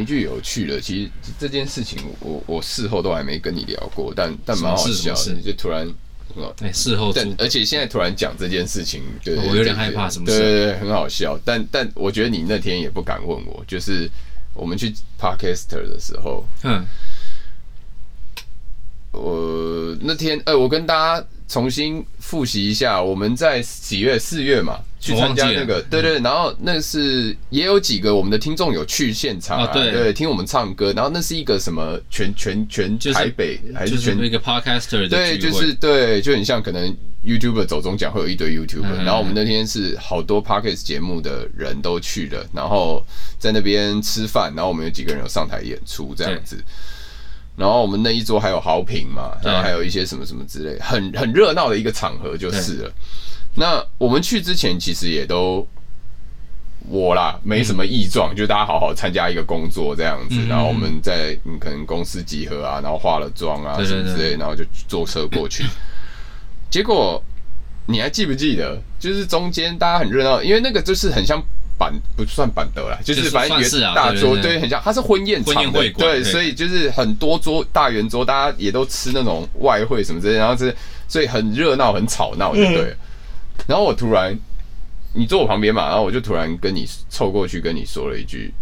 一句有趣的，其實這件事情我我事後都還沒跟你聊過，但但蠻好笑的，就突然，欸、事後，但而且現在突然講這件事情，對、哦，我有點害怕，什麼事、啊？對對對，很好笑，嗯、但但我覺得你那天也不敢問我，就是我們去 Podcast 的時候，嗯，我、呃、那天，哎、呃，我跟大家。重新複習一下，我們在幾月？四月嘛，去參加那個，對，對對。嗯、然後那是也有幾個我們的聽眾有去現場，啊哦、對對，聽我們唱歌。然後那是一個什麼全全全台北，就是、還是全是一個 podcaster？對，就是對，就很像可能 YouTuber 走鐘獎會有一堆 YouTuber，嗯嗯，然後我們那天是好多 podcast 節目的人都去了，然後在那邊吃飯，然後我們有幾個人有上台演出這樣子。然後我們那一桌還有豪評嘛，然後、啊、還有一些什麼什麼之類，很很熱鬧的一個場合就是了。對那我們去之前其實也都我啦沒什麼異狀，嗯、就大家好好參加一個工作這樣子。嗯嗯嗯，然後我們在你可能公司集合啊，然後化了妝啊，對對對什麼之類，然後就坐車過去。呵呵，結果你還記不記得？就是中間大家很熱鬧，因為那個就是很像。板，不算板德了，就是反正是，是、啊、大桌，對，對，對，對，對，很像，它是婚宴場的，會對，對，所以就是很多桌大圓桌，大家也都吃那種外燴什麼之類，然後是所以很熱鬧，很吵鬧，就對、嗯、然後我突然，你坐我旁邊嘛，然後我就突然跟你湊過去，跟你說了一句，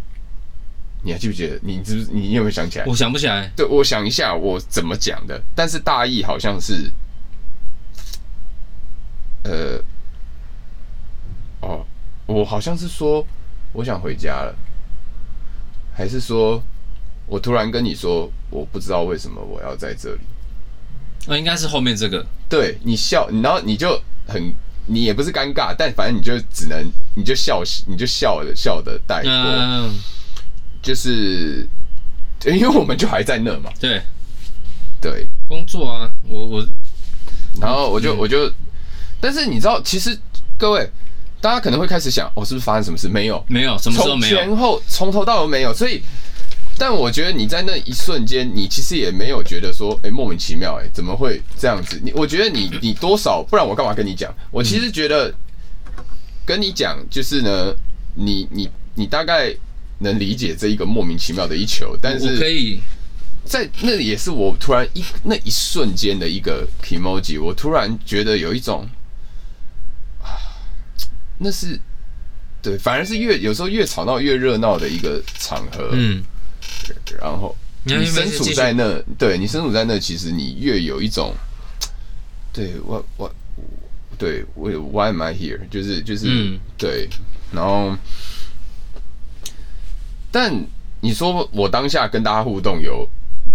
你還記不記得？你是不是你有沒有想起來？我想不起來。對，我想一下我怎麼講的，但是大意好像是，呃。我好像是說我想回家了，還是說我突然跟你說，我不知道為什麼我要在這裡？那應該是後面這個。對你笑，然後你就很，你也不是尷尬，但反正你就只能你就笑，你就笑的笑的帶過，嗯、就是因為我們就還在那嘛。對對，對工作啊，我我，然後我就我就，嗯、但是你知道，其實各位。大家可能會開始想，哦，是不是發生什麼事？沒有，沒有，什麼事沒有？從前後，從頭到尾沒有。所以，但我覺得你在那一瞬間，你其實也沒有覺得說，哎、欸，莫名其妙、欸，哎，怎麼會這樣子？你，我覺得你，你多少，不然我幹嘛跟你講？我其實覺得跟你講，就是呢，你，你，你大概能理解這一個莫名其妙的一球。但是，可以在那也是我突然一那一瞬間的一個 emoji，我突然覺得有一種。那是對，反而是越有時候越吵鬧越熱鬧的一個場合，嗯，然後你身處在那，對，你身處在那，其實你越有一種，對我我對我 Why am I here？就是就是對，然後，但你說我當下跟大家互動有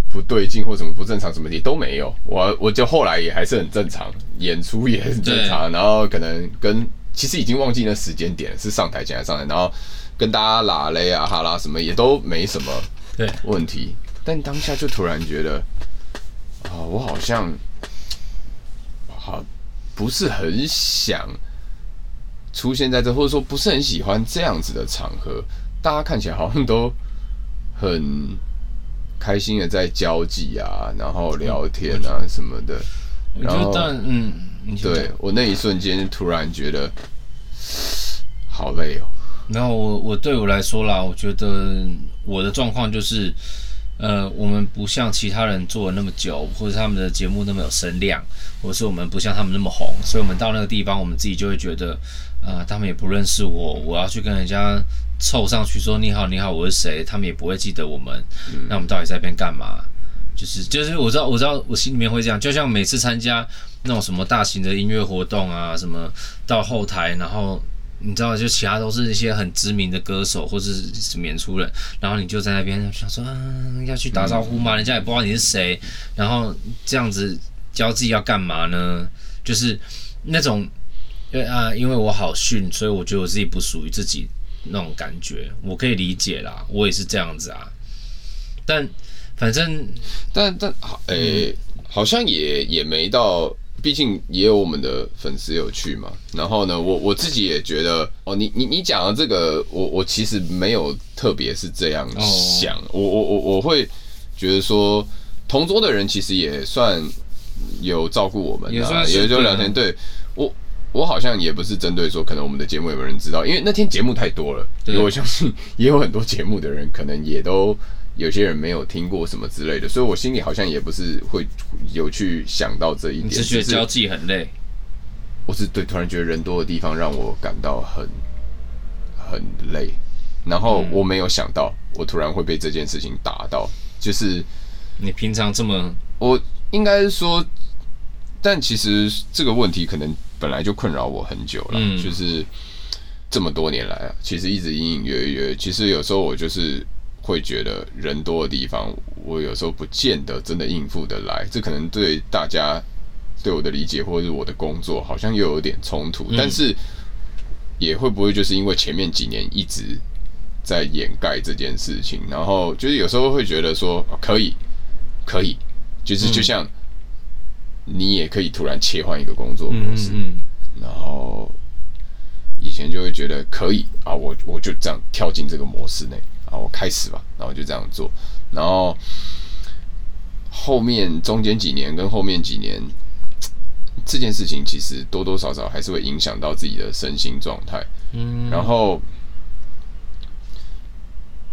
不對勁或什麼不正常什麼的都沒有，我我就後來也還是很正常，演出也很正常，然後可能跟。其實已經忘記了時間點是上台前還是上台，然後跟大家拉嘞啊、哈拉什麼也都沒什麼問題。對但當下就突然覺得，啊、哦，我好像好、啊、不是很想出現在這，或者說不是很喜歡這樣子的場合。大家看起來好像都很開心的在交際啊，然後聊天啊什麼的。我覺得，我覺得然後嗯。對，我那一瞬間突然覺得好累哦。然後我我對我來說啦，我覺得我的狀況就是，呃，我們不像其他人做了那麼久，或者是他們的節目那麼有聲量，或者是我們不像他們那麼紅，所以我們到那個地方，我們自己就會覺得，呃，他們也不認識我，我要去跟人家湊上去說，你好你好，我是誰，他們也不會記得我們。嗯、那我們到底在那邊幹嘛？就是就是，就是、我知道我知道，我心裡面會這樣。就像每次參加那種什麼大型的音樂活動啊，什麼到後台，然後你知道，就其他都是一些很知名的歌手或者是什麼演出人，然後你就在那邊想說，啊，要去打招呼嗎？人家也不知道你是誰，然後這樣子，教自己要幹嘛呢？就是那種，對啊，因為我好遜，所以我覺得我自己不屬於自己那種感覺。我可以理解啦，我也是這樣子啊，但。反正，但但好，哎、欸，嗯、好像也也沒到，畢竟也有我們的粉絲有去嘛。然後呢，我我自己也覺得，哦，你你你講的這個，我我其實沒有特別是這樣想，哦、我我我我會覺得說，同桌的人其實也算有照顧我們、啊，也也就兩天。嗯啊、對，我我好像也不是針對說，可能我們的節目有沒有人知道，因為那天節目太多了，對，我相信也有很多節目的人可能也都。有些人沒有聽過什麼之類的，所以我心裡好像也不是會有去想到這一點。你是覺得交際很累？我是對，突然覺得人多的地方讓我感到很很累。然後我沒有想到，我突然會被這件事情打到。就是你平常這麼，嗯、我應該說，但其實這個問題可能本來就困擾我很久了。嗯、就是這麼多年來啊，其實一直隱隱約約。其實有時候我就是。會覺得人多的地方，我有時候不見得真的應付得來，這可能對大家對我的理解，或者是我的工作，好像又有點衝突。嗯、但是，也會不會就是因為前面幾年一直在掩蓋這件事情，然後就是有時候會覺得說、啊、可以，可以，就是就像、嗯、你也可以突然切換一個工作模式，嗯嗯然後以前就會覺得可以啊，我我就這樣跳進這個模式內。好，我開始吧。然後就這樣做，然後後面中間幾年跟後面幾年，這件事情其實多多少少還是會影響到自己的身心狀態。嗯，然後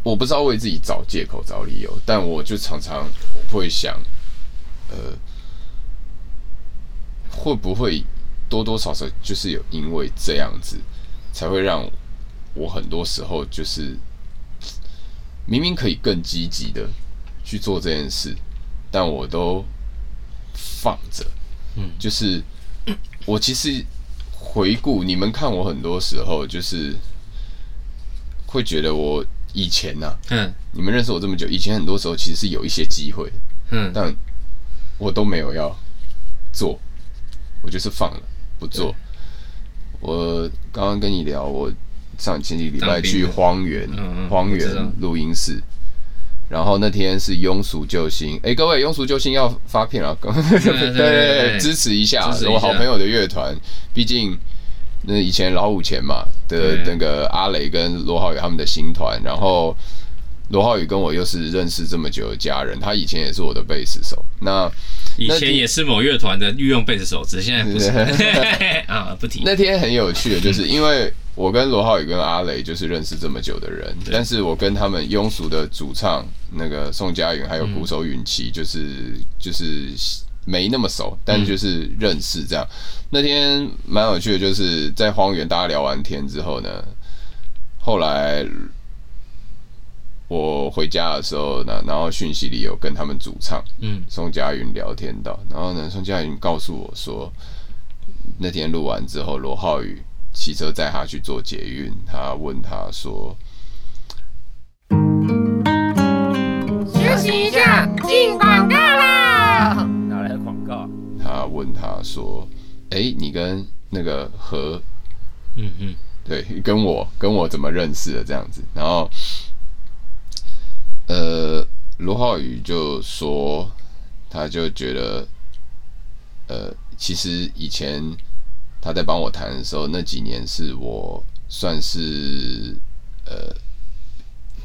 我不知道為自己找借口找理由，但我就常常會想，呃，會不會多多少少就是有因為這樣子，才會讓我很多時候就是。明明可以更積極的去做這件事，但我都放着。嗯，就是我其實回顧你們看我很多時候，就是會覺得我以前吶、啊，嗯，你們認識我這麼久，以前很多時候其實是有一些機會，嗯，但我都沒有要做，我就是放了不做。對我剛剛跟你聊我。上前幾禮拜去荒原，病荒原錄、嗯、哼音室，然後那天是庸俗救星，哎，各位庸俗救星要發片了、啊，呵呵對，對，對，對，對，支持一下我好朋友的樂團，畢竟那以前老五前嘛的，對那個阿雷跟羅浩宇他們的新團，然後羅浩宇跟我又是認識這麼久的家人，他以前也是我的貝斯手，那。以前也是某樂團的御用貝斯手，只是現在不是 啊，不提。那天很有趣的，就是因為我跟羅浩宇、跟阿雷就是認識這麼久的人，但是我跟他們庸俗的主唱那個宋佳云，還有鼓手允琪，就是就是沒那麼熟，但就是認識這樣。那天蠻有趣的，就是在荒原大家聊完天之後呢，後來。我回家的時候，然後訊息裡有跟他們主唱，嗯，宋佳雲聊天到，然後呢，宋佳雲告訴我說，那天錄完之後，羅浩宇騎車載他去坐捷運，他問他說，休息一下進廣告啦，哪、嗯、來的廣告？他問他說，哎、欸，你跟那個何，嗯哼對，跟我跟我怎麼認識的這樣子，然後。呃，羅浩宇就說，他就覺得，呃，其實以前他在幫我彈的時候，那幾年是我算是呃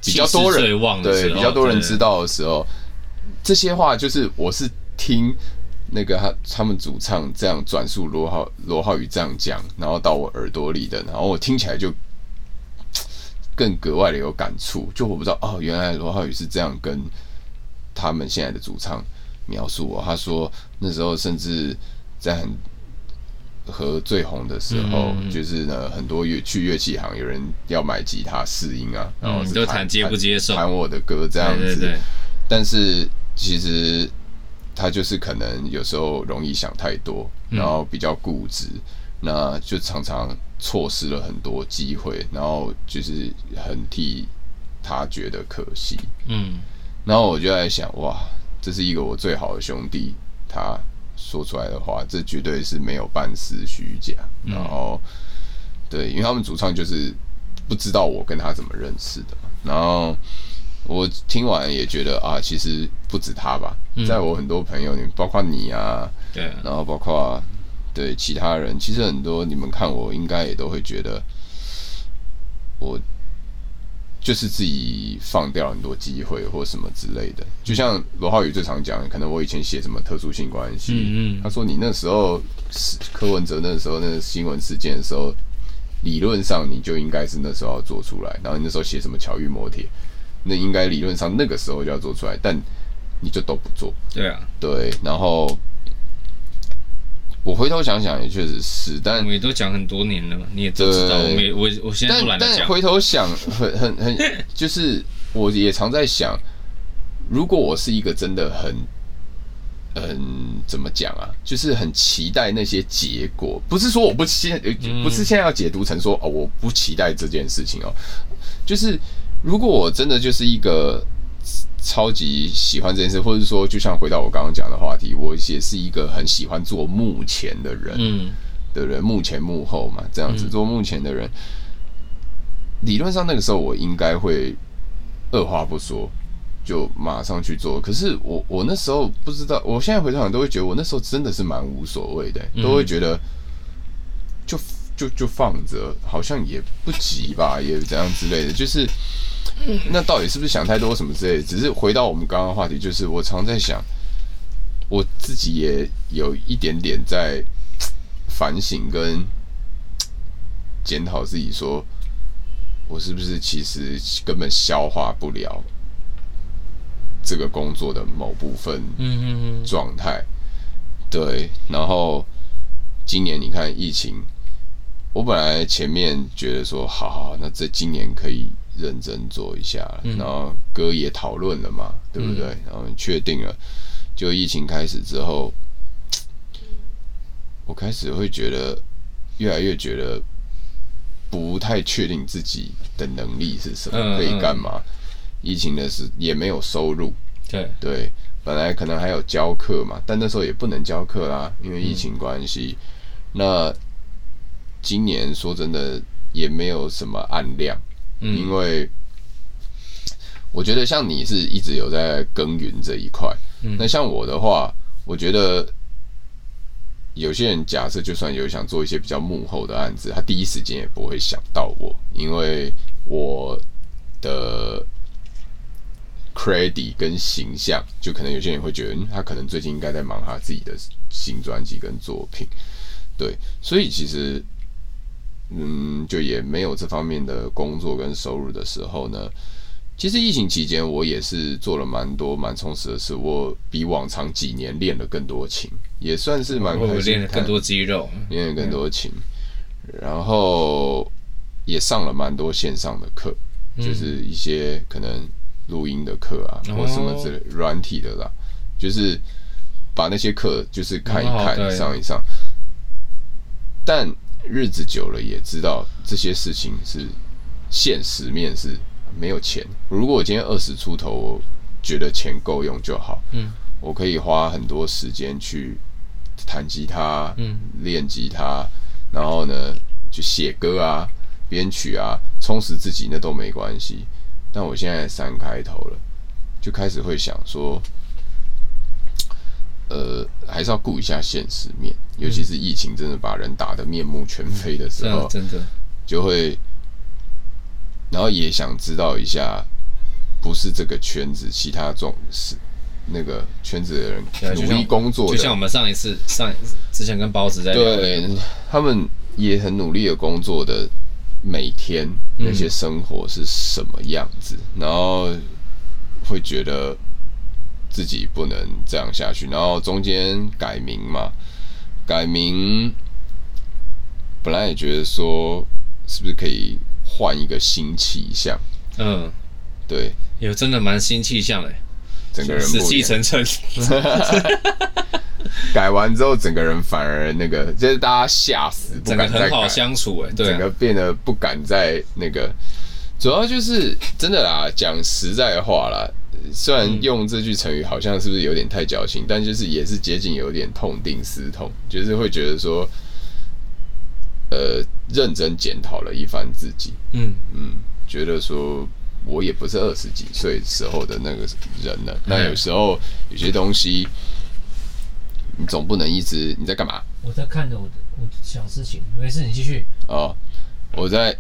比較多人對比較多人知道的時候，對對對，這些話就是我是聽那個他他們主唱這樣轉述羅浩羅浩宇這樣講，然後到我耳朵裡的，然後我聽起來就。更格外的有感觸，就我不知道哦，原來羅浩宇是這樣跟他們現在的主唱描述我。哦，他說那時候甚至在很和最紅的時候，嗯嗯嗯就是呢很多樂去樂器行有人要買吉他試音啊，嗯、然後就彈接不接受，彈我的歌這樣子。對對對，但是其實他就是可能有時候容易想太多，嗯、然後比較固執。那就常常錯失了很多機會，然後就是很替他覺得可惜。嗯，然後我就在想，哇，這是一個我最好的兄弟，他說出來的話，這絕對是沒有半絲虛假。嗯、然後，對，因為他們主唱就是不知道我跟他怎麼認識的，然後我聽完也覺得啊，其實不止他吧，嗯、在我很多朋友裡面，包括你啊，對、嗯，然後包括。對其他人，其實很多你們看我應該也都會覺得，我就是自己放掉很多機會或什麼之類的。就像羅浩宇最常講，可能我以前寫什麼特殊性關係，嗯嗯，他說，你那時候是柯文哲那時候那個新聞事件的時候，理論上你就應該是那時候要做出來，然後你那時候寫什麼巧遇摩鐵，那應該理論上那個時候就要做出來，但你就都不做。對啊，對，然後。我回頭想想，也確實是，但我也都講很多年了嘛，你也都知道。對我沒我我現在懶得講，但但回頭想，很很很，很 就是我也常在想，如果我是一個真的很，很怎麼講啊？就是很期待那些結果，不是說我不期，嗯，不是現在要解讀成說，哦，我不期待這件事情哦。就是如果我真的就是一個。超級喜歡這件事，或者說，就像回到我剛剛講的話題，我也是一個很喜歡做幕前的人，嗯，的人，嗯、幕前幕後嘛，這樣子做幕前的人，嗯、理論上那個時候我應該會二話不說就馬上去做，可是我我那時候不知道，我現在回頭想都會覺得我那時候真的是蠻無所謂的、欸，嗯、都會覺得就就就放着，好像也不急吧，也怎樣之類的，就是。那到底是不是想太多什麼之類的，只是回到我們剛剛的話題，就是我常在想，我自己也有一點點在反省跟檢討自己，說我是不是其實根本消化不了這個工作的某部分，嗯嗯，狀態。對，然後今年你看疫情，我本來前面覺得說好好好，那這今年可以。認真做一下，然後哥也討論了嘛，嗯、對不對？然後確定了，就疫情開始之後，我開始會覺得，越來越覺得不太確定自己的能力是什麼，嗯、可以幹嘛？嗯嗯、疫情的時也沒有收入，對對，本來可能還有教課嘛，但那時候也不能教課啦，因為疫情關係。嗯、那今年說真的也沒有什麼案量。因為我覺得像你是一直有在耕耘這一塊，嗯，那像我的話，我覺得有些人假設就算有想做一些比較幕後的案子，他第一時間也不會想到我，因為我的 credit 跟形象，就可能有些人會覺得，嗯，他可能最近應該在忙他自己的新專輯跟作品，對，所以其實。嗯，就也沒有這方面的工作跟收入的時候呢。其實疫情期間，我也是做了蠻多蠻充實的事。我比往常幾年練了更多琴，也算是蠻開心的。練、哦、了更多肌肉，練了更多琴，嗯、然後也上了蠻多線上的課，嗯、就是一些可能錄音的課啊，嗯、或什麼之類軟體的啦，哦、就是把那些課就是看一看，哦、上一上。但日子久了也知道這些事情是現實面是沒有錢。如果我今天二十出頭，我覺得錢夠用就好，嗯，我可以花很多時間去彈吉他，嗯，練吉他，然後呢去寫歌啊、編曲啊，充實自己那都沒關係。但我現在三開頭了，就開始會想說。呃，還是要顧一下現實面，尤其是疫情真的把人打得面目全非的時候，真的就會，然後也想知道一下，不是這個圈子，其他種是那個圈子的人努力工作，就像我們上一次上之前跟包子在聊，對，他們也很努力的工作的，每天那些生活是什麼樣子，然後會覺得。自己不能這樣下去，然後中間改名嘛，改名本來也覺得說是不是可以換一個新氣象？嗯，對，有真的蠻新氣象的，整個人死氣沉沉。 改完之後，整個人反而那個就是大家嚇死，整個很好相處哎，對啊，整個變得不敢再那個，主要就是真的啦，講實在話啦。雖然用這句成語好像是不是有點太矯情，嗯、但就是也是接近有點痛定思痛，就是會覺得說，呃，認真檢討了一番自己，嗯嗯，覺得說我也不是二十幾歲時候的那個人了。嗯、但有時候有些東西，嗯、你總不能一直你在幹嘛？我在看着我的，我想事情。沒事，你繼續。啊、哦，我在，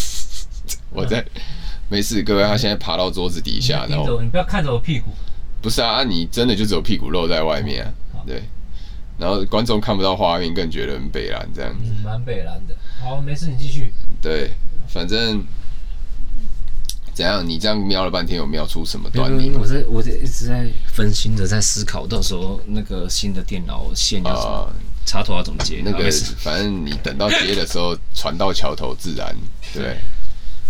我在、嗯。沒事，各位，他現在爬到桌子底下。走，然後你不要看着我屁股。不是啊，啊，你真的就只有屁股露在外面啊，嗯、對。然後觀眾看不到畫面，更覺得很北藍這樣子。蠻、嗯、北藍的。好，沒事，你繼續。對，反正怎樣？你這樣瞄了半天，有瞄出什麼端倪？別別別？我在，我在一直在分心的在思考，到時候那個新的電腦線要、呃、插頭要怎麼接，那個事反正你等到接的時候，船 到橋頭自然對。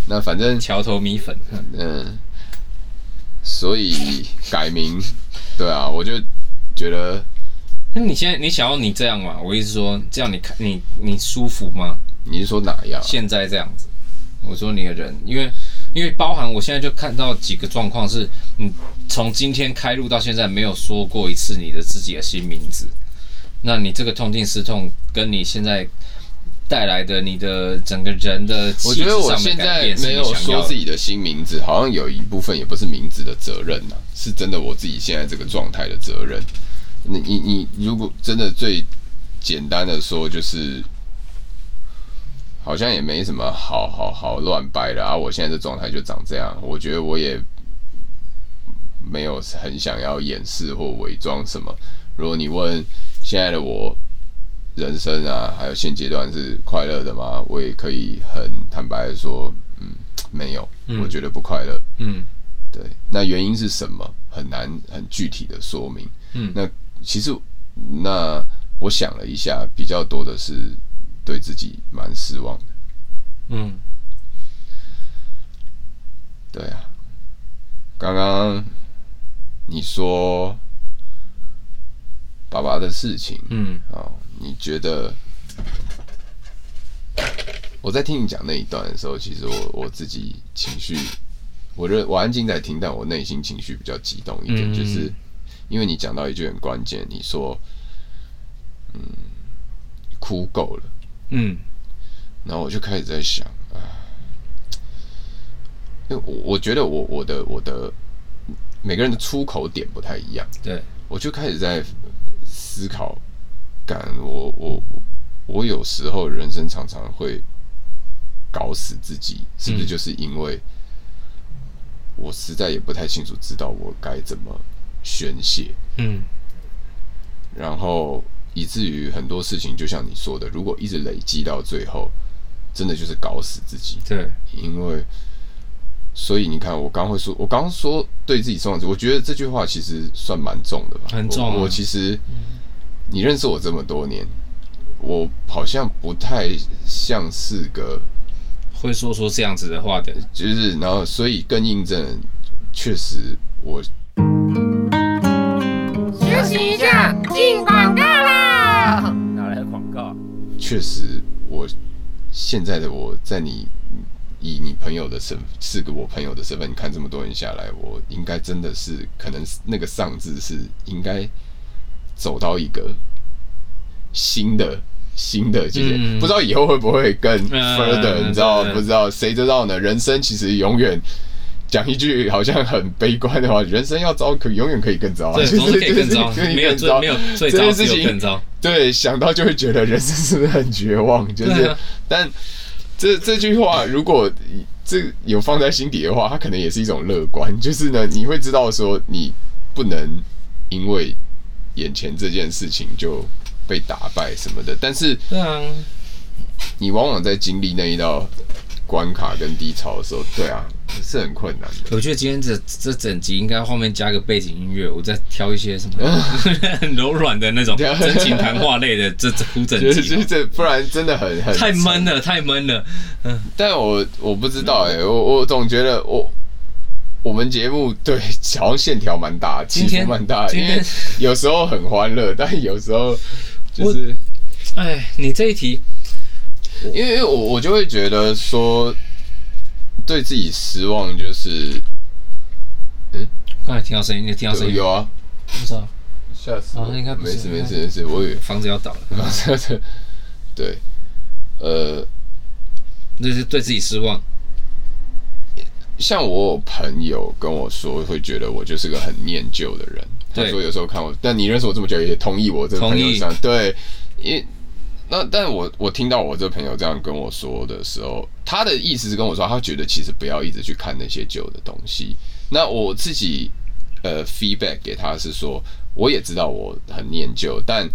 那反正橋頭米粉，嗯，所以改名，對啊，我就覺得，那你現在你想要你這樣嘛？我一直說，這樣你看你你舒服嗎？你是說哪樣？現在這樣子，我說你的人，因為因為包含我現在就看到幾個狀況是，你從今天開錄到現在沒有說過一次你的自己的新名字，那你這個痛定思痛，跟你現在。帶來的你的整個人的，我覺得我現在沒有說自己的新名字，好像有一部分也不是名字的責任吶、啊，是真的我自己現在這個狀態的責任。你你你，如果真的最簡單的說，就是好像也沒什麼好好好亂掰的啊，我現在的狀態就長這樣。我覺得我也沒有很想要掩飾或偽裝什麼。如果你問現在的我，人生啊，還有現階段是快樂的嗎？我也可以很坦白的說，嗯，沒有，嗯、我覺得不快樂。嗯，對，那原因是什麼？很難很具體的說明。嗯，那其實，那我想了一下，比較多的是對自己蠻失望的。嗯，對啊，剛剛你說爸爸的事情，嗯，好、哦。你覺得我在聽你講那一段的時候，其實我我自己情緒，我認我安靜在聽，但我內心情緒比較激動一點，嗯嗯嗯，就是因為你講到一句很關鍵，你說，嗯，哭夠了，嗯，然後我就開始在想啊，我我覺得我我的我的每個人的出口點不太一樣，對，我就開始在思考。感我我我有時候人生常常會搞死自己，嗯，是不是就是因為我實在也不太清楚知道我該怎麼宣泄？嗯，然後以至於很多事情，就像你說的，如果一直累積到最後，真的就是搞死自己。對，因為所以你看，我剛會說，我剛說對自己重，我覺得這句話其實算蠻重的吧，很重的我。我其實。嗯你認識我這麼多年，我好像不太像四個，就是個會說說這樣子的話的，就是然後，所以更印證，確實，我休息一下進廣告啦。哪來的廣告？確實，我現在的我在你以你朋友的身，是個我朋友的身份，你看這麼多年下來，我應該真的是，可能那個上字是應該。走到一個新的新的，嗯、不知道以後會不會更 further，、嗯、你知道、嗯、不知道？誰知道呢？人生其實永遠講一句好像很悲觀的話，人生要糟永可永遠可以更糟，對。沒有，沒有最糟，只有更糟這些事情。對，想到就會覺得人生是不是很絕望？就是，啊、但這這句話如果這有放在心底的話，它可能也是一種樂觀。就是呢，你會知道說你不能因為。眼前這件事情就被打敗什麼的，但是，對啊，你往往在經歷那一道關卡跟低潮的時候，對啊，是很困難的。我覺得今天這這整集應該後面加個背景音樂，我再挑一些什麼 很柔軟的那種 真情談話類的這整，整集、啊，覺得覺得不然真的很，很太悶了，太悶了。嗯 ，但我我不知道哎、欸，我我總覺得我。我們節目對，好像線條蠻大的，今天蠻大的，今天因為有時候很歡樂，但有時候就是，哎，你這一題，因為我我就會覺得說，對自己失望就是，嗯，剛才聽到聲音，你聽到聲音有啊，不知道、啊，下次啊應該沒事沒事沒事，我以為房子要倒了，房子要倒對，呃，那是對自己失望。像我有朋友跟我說，會覺得我就是個很念舊的人。對他說有時候看我，但你認識我這麼久，也同意我這個朋友講。意對，因為那但我我聽到我這個朋友這樣跟我說的時候，他的意思是跟我說，他覺得其實不要一直去看那些舊的東西。那我自己呃 feedback 給他是說，我也知道我很念舊，但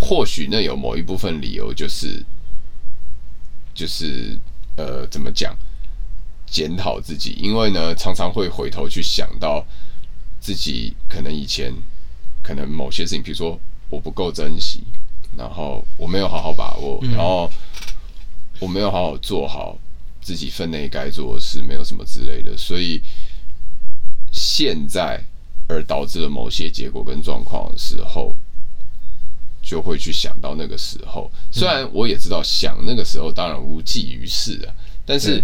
或許那有某一部分理由就是就是呃怎麼講？檢討自己，因為呢，常常會回頭去想到自己可能以前可能某些事情，比如說我不夠珍惜，然後我沒有好好把握，嗯、然後我沒有好好做好自己分內該做的事，沒有什麼之類的。所以現在而導致了某些結果跟狀況的時候，就會去想到那個時候。雖然我也知道、嗯、想那個時候當然無濟於事啊，但是。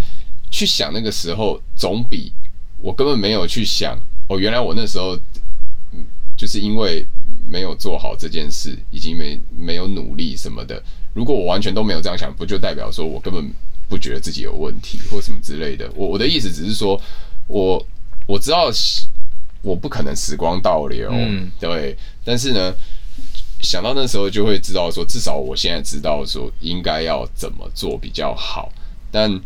去想那個時候，總比我根本沒有去想哦。原來我那時候，就是因為沒有做好這件事，已經沒沒有努力什麼的。如果我完全都沒有這樣想，不就代表說我根本不覺得自己有問題或什麼之類的？我我的意思只是說，我我知道我不可能時光倒流，嗯，對。但是呢，想到那時候就會知道說，至少我現在知道說應該要怎麼做比較好，但。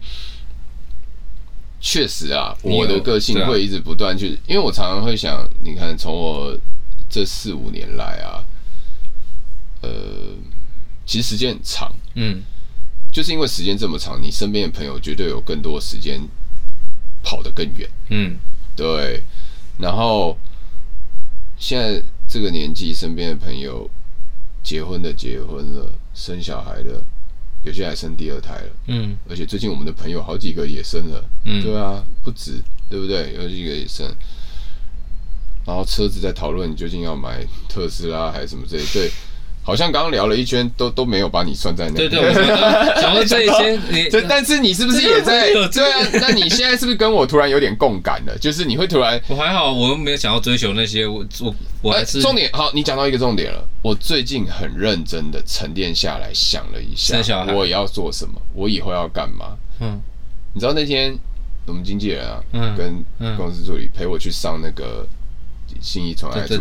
確實啊，我的個性會一直不斷去，啊、因為我常常會想，你看，從我這四五年來啊，呃，其實時間很長，嗯，就是因為時間這麼長，你身邊的朋友絕對有更多時間跑得更遠，嗯，對，然後現在這個年紀，身邊的朋友結婚的結婚了，生小孩的。有些還生第二胎了，嗯，而且最近我們的朋友好幾個也生了，嗯，對啊，不止，對不對？有幾個也生，然後車子在討論你究竟要買特斯拉還是什麼之類，對。 好像剛剛聊了一圈，都都沒有把你算在內。對對，講到這一些你，但是你是不是也在？對啊，那你現在是不是跟我突然有點共感了？就是你會突然……我還好，我又沒有想要追求那些，我我我還是重點好，你講到一個重點了，我最近很認真的沉澱下來想了一下，我要做什麼，我以後要幹嘛？嗯，你知道那天我們經紀人啊，跟公司助理陪我去上那個新一傳媒對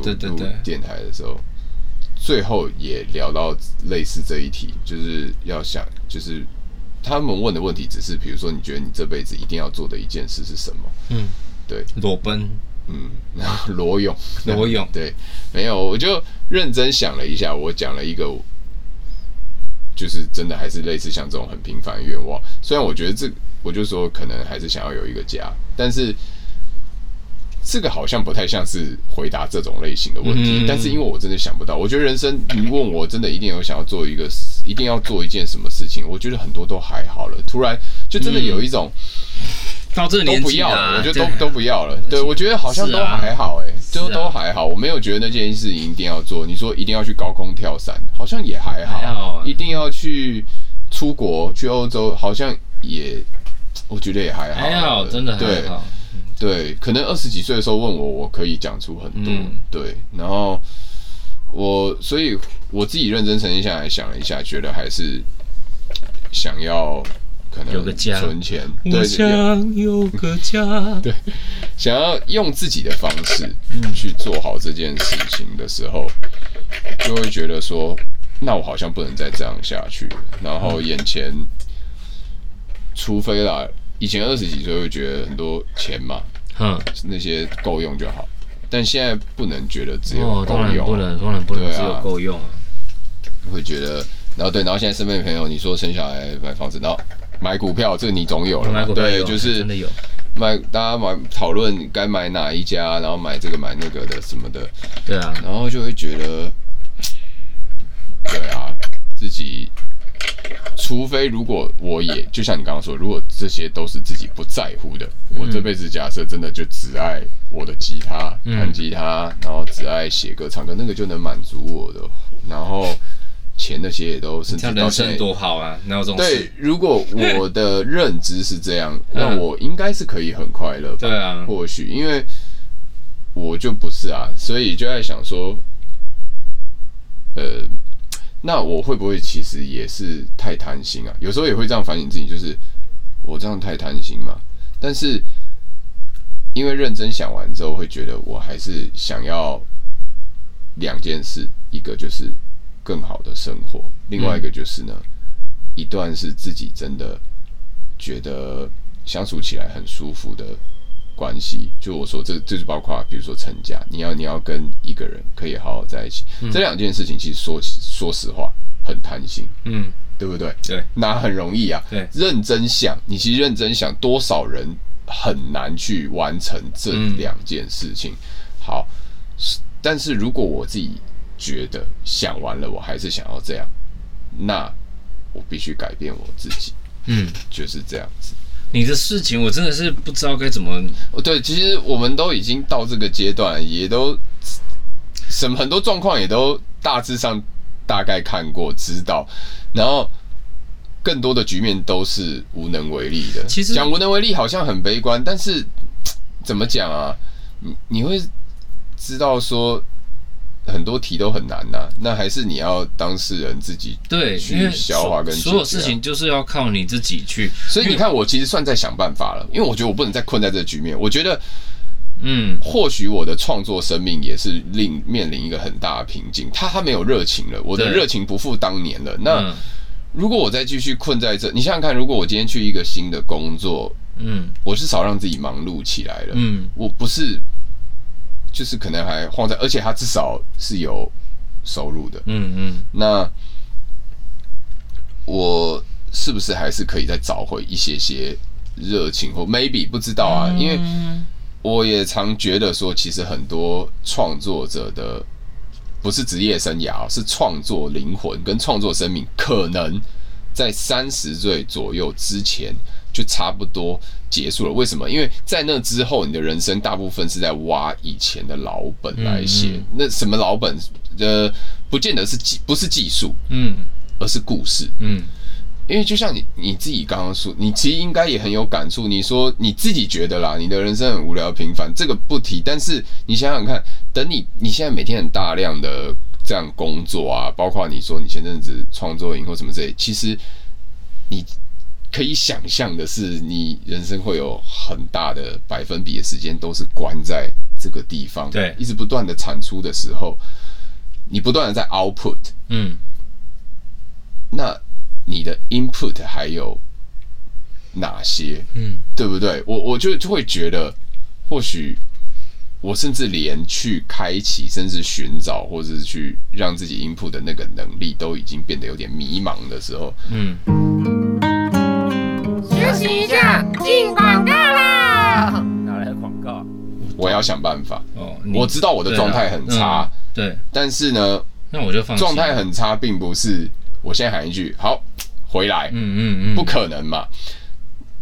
電台的時候。最後也聊到類似這一題，就是要想，就是他們問的問題，只是比如說，你覺得你這輩子一定要做的一件事是什麼？嗯，對，裸奔，嗯，然後裸泳，裸泳，對，沒有，我就認真想了一下，我講了一個，就是真的還是類似像這種很平凡的願望。雖然我覺得這，我就說可能還是想要有一個家，但是。這個好像不太像是回答這種類型的問題，嗯、但是因為我真的想不到，我覺得人生你問我真的一定有想要做一個，一定要做一件什麼事情，我覺得很多都還好了。突然就真的有一種、嗯、都到這年紀不要了，我覺得都對都不要了。且對我覺得好像都還好哎、欸，都、啊、都還好，我沒有覺得那件事情一定要做。你說一定要去高空跳傘，好像也還好；還好啊、一定要去出國去歐洲，好像也我覺得也還好，還好，真的還好。對。對，可能二十幾歲的時候問我，我可以講出很多。嗯、對，然後我所以我自己認真、沉靜下來想了一下，覺得還是想要可能有個家，存錢。對，想有個家，有 對，想要用自己的方式去做好這件事情的時候，嗯、就會覺得說，那我好像不能再這樣下去。然後眼前，嗯、除非啦，以前二十幾歲會覺得很多錢嘛。嗯，那些夠用就好，但現在不能覺得只有夠用、啊，哦、當然不能，當然不能，不能，只有夠用、啊嗯啊，會覺得，然後對，然後現在身邊的朋友，你說生小孩、買房子，然後買股票，這個、你總有了，買股票有對，就是真的有，買，大家買討論該買哪一家，然後買這個買那個的什麼的，對啊，然後就會覺得，對啊，自己。除非如果我也就像你剛剛說，如果這些都是自己不在乎的，嗯、我這輩子假設真的就只愛我的吉他、彈、嗯、吉他，然後只愛寫歌、唱歌，那個就能滿足我的，然後錢那些也都甚至到內，人生多好啊！哪有前種事對？如果我的認知是這樣， 那我應該是可以很快樂，對啊。或許因為我就不是啊，所以就在想說，呃。那我會不會其實也是太貪心啊？有時候也會這樣反省自己，就是我這樣太貪心嘛。但是因為認真想完之後，會覺得我還是想要兩件事：一個就是更好的生活，另外一個就是呢，嗯、一段是自己真的覺得相處起來很舒服的。關係，就我說這，這就是包括，比如說成家，你要你要跟一個人可以好好在一起，嗯、這兩件事情，其實說說實話很貪心，嗯，對不對？對，那很容易啊。對，認真想，你其實認真想，多少人很難去完成這兩件事情。嗯、好，但是如果我自己覺得想完了，我還是想要這樣，那我必須改變我自己。嗯，就是這樣子。你的事情，我真的是不知道該怎麼。對，其實我們都已經到這個階段，也都什麼很多狀況也都大致上大概看過、知道，然後更多的局面都是無能為力的。其實講無能為力，好像很悲觀，但是怎麼講啊？你你會知道說。很多題都很難吶，那還是你要當事人自己去對去消化，跟所,所有事情就是要靠你自己去。所以你看，我其實算在想辦法了，因為,因為我覺得我不能再困在這個局面。我覺得，嗯，或許我的創作生命也是令面臨一個很大的瓶頸，他他、嗯、沒有熱情了，我的熱情不復當年了。對那如果我再繼續困在這，你想想看，如果我今天去一個新的工作，嗯，我是少讓自己忙碌起來了，嗯，我不是。就是可能還晃在，而且他至少是有收入的。嗯嗯，那我是不是還是可以再找回一些些熱情？或 maybe 不知道啊，因為我也常覺得說，其實很多創作者的不是職業生涯，是創作靈魂跟創作生命，可能在三十歲左右之前。就差不多結束了。為什麼？因為在那之後，你的人生大部分是在挖以前的老本來寫。嗯嗯。那什麼老本？呃，不見得是技，不是技術，嗯，而是故事，嗯。因為就像你你自己剛剛說，你其實應該也很有感觸。你說你自己覺得啦，你的人生很無聊平凡，這個不提。但是你想想看，等你你現在每天很大量的這樣工作啊，包括你說你前陣子創作營或什麼之類，其實你。可以想象的是，你人生會有很大的百分比的時間都是關在這個地方，對，一直不斷的產出的時候，你不斷的在 output，嗯，那你的 input 還有哪些？嗯，對不對？我我就，就會覺得，或許我甚至連去開啟，甚至尋找，或者是去讓自己 input 的那個能力，都已經變得有點迷茫的時候，嗯。嗯等一下進廣告啦！哪來的廣告，啊？我要想辦法。哦，我知道我的狀態很差。對，但是呢，狀態很差，並不是。我先喊一句，好，回來。嗯嗯，不可能嘛？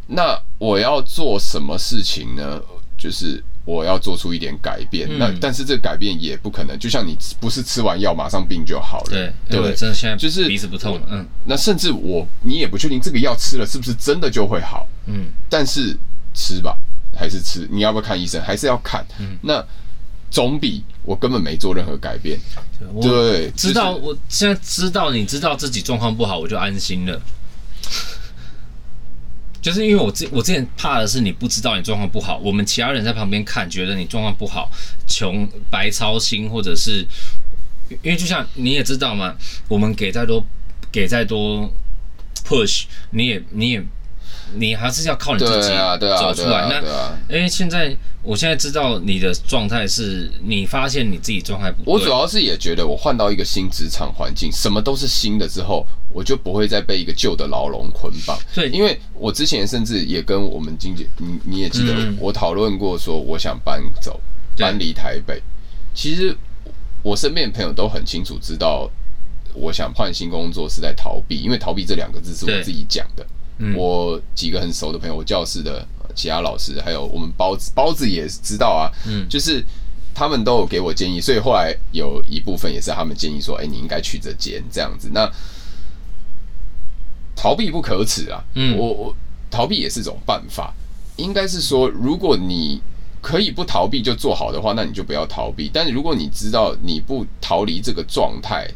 那我要做什麼事情呢？就是我要做出一點改變，嗯、那但是這個改變也不可能，就像你不是吃完藥馬上病就好了，對對？就是對鼻子不痛，嗯。那甚至我你也不確定這個藥吃了是不是真的就會好，嗯。但是吃吧，還是吃，你要不要看醫生？還是要看，嗯。那總比我根本沒做任何改變，對，知道、就是、我現在知道你知道自己狀況不好，我就安心了。就是因為我之我之前怕的是你不知道你狀況不好，我們其他人在旁邊看，覺得你狀況不好，窮，白操心，或者是因為就像你也知道嘛，我們給再多給再多 push，你也你也。你也你還是要靠你自己走出來。對啊，因為現在我現在知道你的狀態是，你發現你自己狀態不對。我主要是也覺得，我換到一個新職場環境，什麼都是新的之後，我就不會再被一個舊的牢籠捆綁。對，因為我之前甚至也跟我們經紀人，你你也記得，我討論過說，我想搬走，搬離台北。其實我身邊的朋友都很清楚知道，我想換新工作是在逃避，因為逃避這兩個字是我自己講的。嗯、我幾個很熟的朋友，我教室的其他老師，還有我們包子包子也知道啊，嗯，就是他們都有給我建議，所以後來有一部分也是他們建議說，哎、欸，你應該取這間這樣子。那逃避不可恥啊，嗯，我我逃避也是一種辦法，應該是說，如果你可以不逃避就做好的話，那你就不要逃避。但如果你知道你不逃離這個狀態，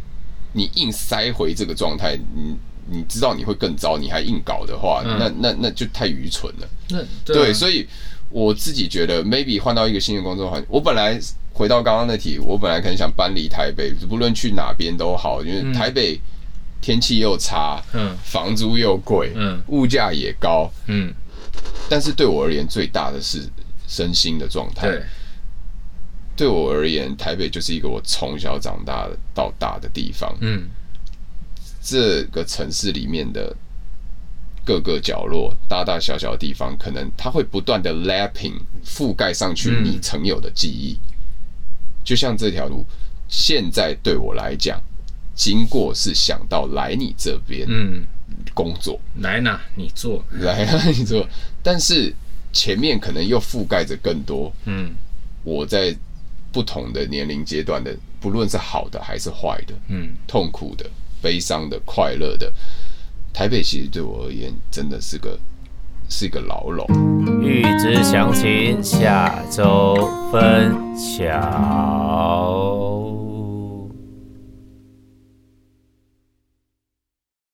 你硬塞回這個狀態，你。你知道你會更糟，你還硬搞的話，嗯、那那那就太愚蠢了。那、對啊、對，所以我自己覺得，maybe 換到一個新的工作環境。我本來回到剛剛那題，我本來很想搬離台北，不論去哪邊都好，因為台北天氣又差，嗯、房租又貴，嗯、物價也高，嗯、但是對我而言，最大的是身心的狀態。對，對我而言，台北就是一個我從小長大到大的地方。嗯。這個城市裡面的各個角落、大大小小的地方，可能它會不斷的 lapping 覆蓋上去你曾有的記憶。嗯，就像這條路，現在對我來講，經過是想到來你這邊工作，嗯，來吶，你做，來啊，你做。但是前面可能又覆蓋着更多，嗯，我在不同的年齡階段的，不論是好的還是壞的，嗯，痛苦的。悲傷的、快樂的，台北其實對我而言，真的是個，是一個牢籠。欲知詳情，下週分曉。